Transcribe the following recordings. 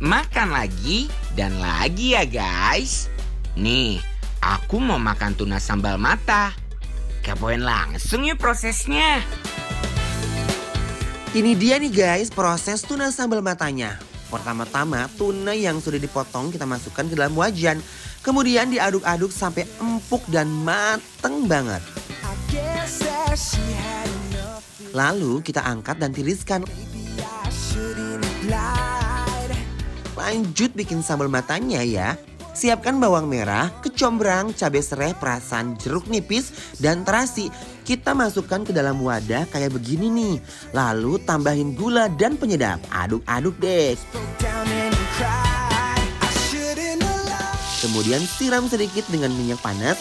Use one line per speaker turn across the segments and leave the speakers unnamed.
makan lagi dan lagi ya guys. Nih, aku mau makan tuna sambal mata. Kepoin langsung yuk ya prosesnya.
Ini dia nih guys proses tuna sambal matanya. Pertama-tama tuna yang sudah dipotong kita masukkan ke dalam wajan. Kemudian diaduk-aduk sampai empuk dan mateng banget. Lalu kita angkat dan tiriskan. Lanjut bikin sambal matanya ya. Siapkan bawang merah, kecombrang, cabai serai, perasan, jeruk nipis, dan terasi. Kita masukkan ke dalam wadah kayak begini nih. Lalu tambahin gula dan penyedap. Aduk-aduk deh. Kemudian siram sedikit dengan minyak panas.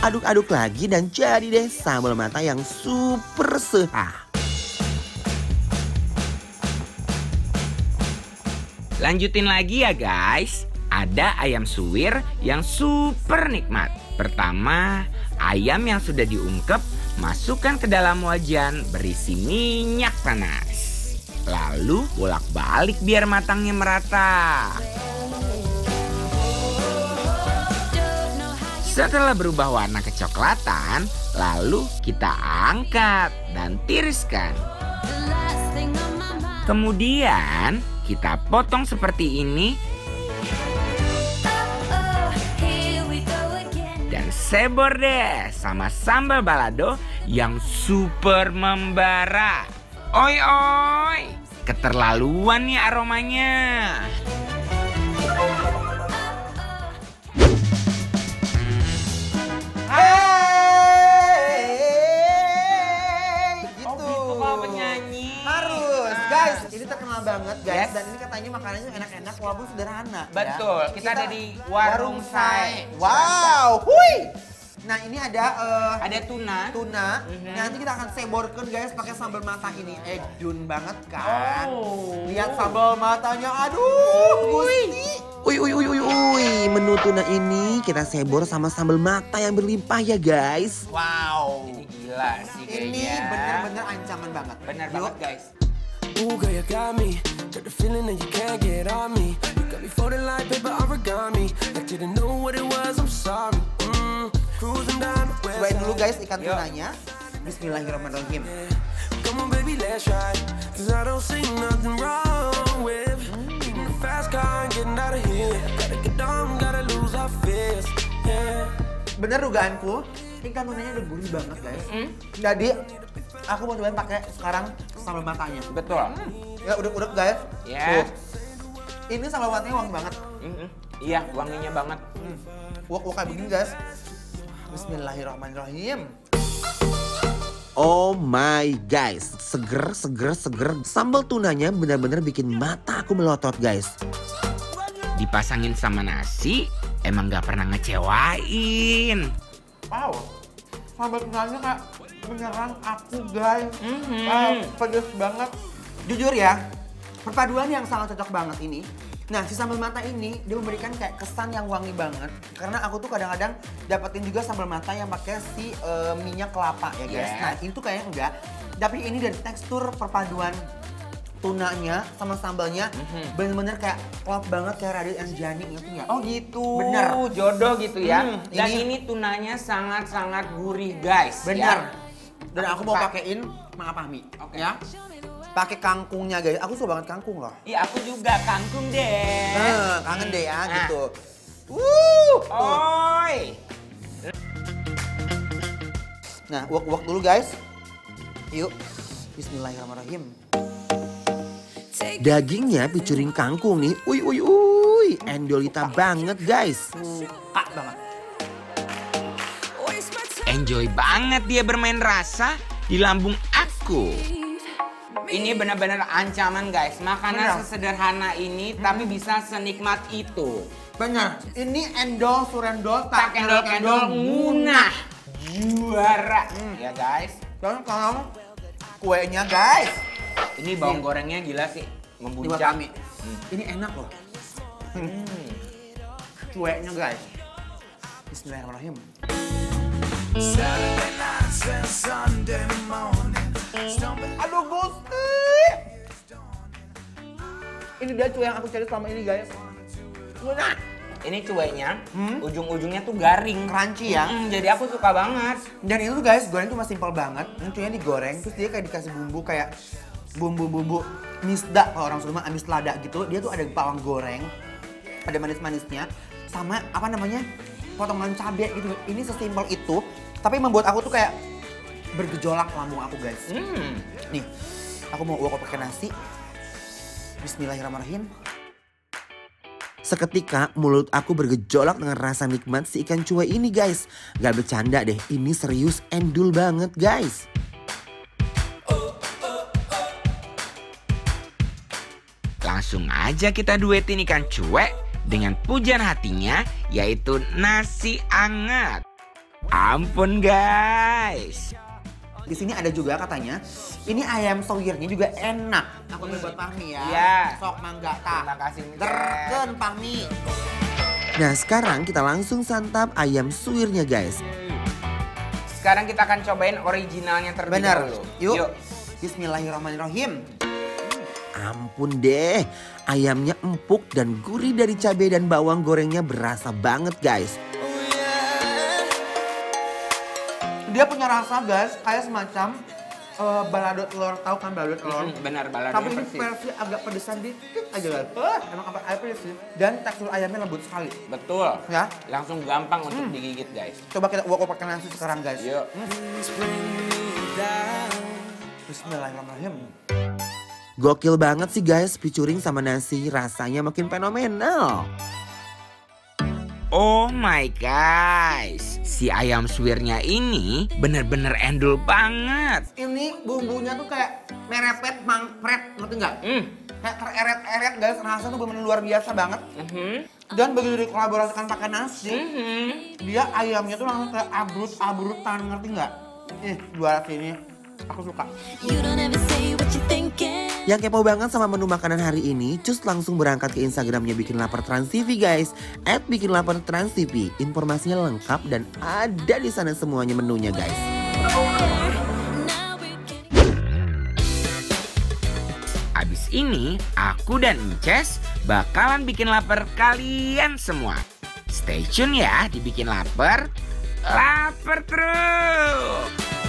Aduk-aduk lagi dan jadi deh sambal mata yang super sehat.
Lanjutin lagi ya guys. Ada ayam suwir yang super nikmat. Pertama, ayam yang sudah diungkep masukkan ke dalam wajan berisi minyak panas. Lalu bolak-balik biar matangnya merata. Setelah berubah warna kecoklatan, lalu kita angkat dan tiriskan. Kemudian kita potong seperti ini. Dan sebor deh sama sambal balado yang super membara. Oi oi, keterlaluan nih aromanya.
Hey! Yes. Ini terkenal banget guys yes. dan ini katanya makanannya enak-enak walaupun sederhana. Ya.
Betul. Ya. Kita, kita ada di Warung Sai. Wow. Hui.
Nah ini ada uh, ada tuna. Tuna. Mm-hmm. Nanti kita akan seborkan guys pakai sambal mata ini. Eh banget kan. Oh. Lihat sambal matanya. Aduh, hui. Uy uy uy uy uy, menu tuna ini kita sebor sama sambal mata yang berlimpah ya guys. Wow. Ini gila sih kayaknya. Ini bener-bener ancaman banget. Bener Yuk. banget guys. Ooh, girl, you got me. Got the feeling that you can't get on me. You got me like paper origami. I didn't know what it was, I'm sorry. Mm, cruising down the west dulu guys ikan tunanya. Bismillahirrahmanirrahim. Come on, baby, let's Cause I don't see nothing wrong with fast car and getting out of here. Gotta get down, gotta lose our fears. Yeah. Bener dugaanku, ini santunannya udah gurih banget guys mm. jadi aku mau cobain pakai sekarang sambal matanya betul mm. ya udah udah guys Iya. Tuh. ini sambal matanya wangi banget mm hmm iya wanginya banget mm. wok wok kayak begini guys Bismillahirrahmanirrahim Oh my guys, seger, seger, seger. Sambal tunanya benar-benar bikin mata aku melotot guys.
Dipasangin sama nasi, emang gak pernah ngecewain paus
sambal kenalnya kak menyerang aku guys mm -hmm. uh, pedes banget jujur ya perpaduan yang sangat cocok banget ini Nah, si sambal mata ini dia memberikan kayak kesan yang wangi banget karena aku tuh kadang-kadang dapetin juga sambal mata yang pakai si uh, minyak kelapa ya guys. Yeah. Nah, itu kayaknya enggak. Tapi ini dari tekstur perpaduan tunanya sama sambalnya mm-hmm. bener-bener kayak klop banget kayak Radit and Jani gitu ya. Oh gitu. Bener. Jodoh gitu ya. Hmm, Dan
ini, tunanya sangat-sangat gurih guys. Ya. Bener. Ya. Dan aku mau pakein mangapami. Oke. Okay. Ya. Pakai
kangkungnya guys. Aku suka banget kangkung loh.
Iya aku juga kangkung deh. Eh, kangen deh ya nah. gitu.
Ah.
Wuh. Oi.
Nah, wok-wok dulu guys. Yuk. Bismillahirrahmanirrahim. Dagingnya picuring kangkung nih, uy uy uy,
endolita banget guys. Suka banget. Enjoy banget dia bermain rasa di lambung aku. Ini benar-benar ancaman guys. Makanan Benar. sesederhana ini hmm. tapi bisa senikmat itu. Benar. Ini endol surendol tak, tak endol endol munah. Juara. Hmm. Ya guys. Dan kalau kuenya guys. Ini bawang gorengnya gila sih membuncah. Di Hmm. Ini enak loh. Hmm.
Cueknya guys. Bismillahirrahmanirrahim. Aduh Gusti. Ini dia cuek yang aku cari selama ini guys.
Enak. Ini cueknya, hmm? ujung-ujungnya tuh garing. Crunchy ya? Hmm, jadi aku suka banget. Dan itu
guys, goreng tuh masih simpel banget. Ini cueknya digoreng, terus dia kayak dikasih bumbu kayak bumbu-bumbu misda kalau orang Sunda amis lada gitu. Dia tuh ada bawang goreng, ada manis-manisnya, sama apa namanya potongan cabai gitu. Ini sesimpel itu, tapi membuat aku tuh kayak bergejolak lambung aku guys. Hmm. Nih, aku mau uang pakai nasi. Bismillahirrahmanirrahim. Seketika mulut aku bergejolak dengan rasa nikmat si ikan cuai ini guys. Gak bercanda deh, ini serius endul banget guys.
Langsung aja kita duetin ikan cuek dengan pujian hatinya yaitu nasi anget. Ampun guys. Di sini ada juga katanya, ini ayam sawyernya
juga enak. Aku mau buat Pahmi ya. Iya. Sok mangga ta. Terima kasih. Terken Pahmi. Nah sekarang kita langsung santap ayam suwirnya guys.
Sekarang kita akan cobain originalnya terlebih Bener. dahulu. Yuk. Yuk. Bismillahirrahmanirrahim
ampun deh. Ayamnya empuk dan gurih dari cabai dan bawang gorengnya berasa banget guys. Oh, Dia punya rasa guys kayak semacam uh, balado telur tahu kan
balado telur mm, benar balado tapi ini versi
agak pedesan dikit aja kan uh, emang apa air pedes sih dan tekstur ayamnya lembut sekali betul ya langsung gampang untuk hmm. digigit guys coba kita uak pakai nasi sekarang guys yuk Hmm. Bismillahirrahmanirrahim Gokil banget sih guys featuring sama Nasi, rasanya makin fenomenal.
Oh my gosh, si ayam suwirnya ini bener-bener endul banget. Ini
bumbunya tuh kayak merepet, mangpret, ngerti nggak? Mm. Kayak tereret-eret guys, rasanya tuh bener-bener luar biasa banget. Mm -hmm. Dan begitu dikolaborasikan pakai nasi, mm -hmm. dia ayamnya tuh langsung kayak abrut-abrutan, ngerti nggak? Ih, eh, juara ini aku suka yang kepo banget sama menu makanan hari ini, cus langsung berangkat ke Instagramnya Bikin Lapar Trans TV guys. At Bikin Lapar Trans TV, informasinya lengkap dan ada di sana semuanya
menunya guys. Abis ini, aku dan Inces bakalan bikin lapar kalian semua. Stay tune ya dibikin Lapar, lapar terus!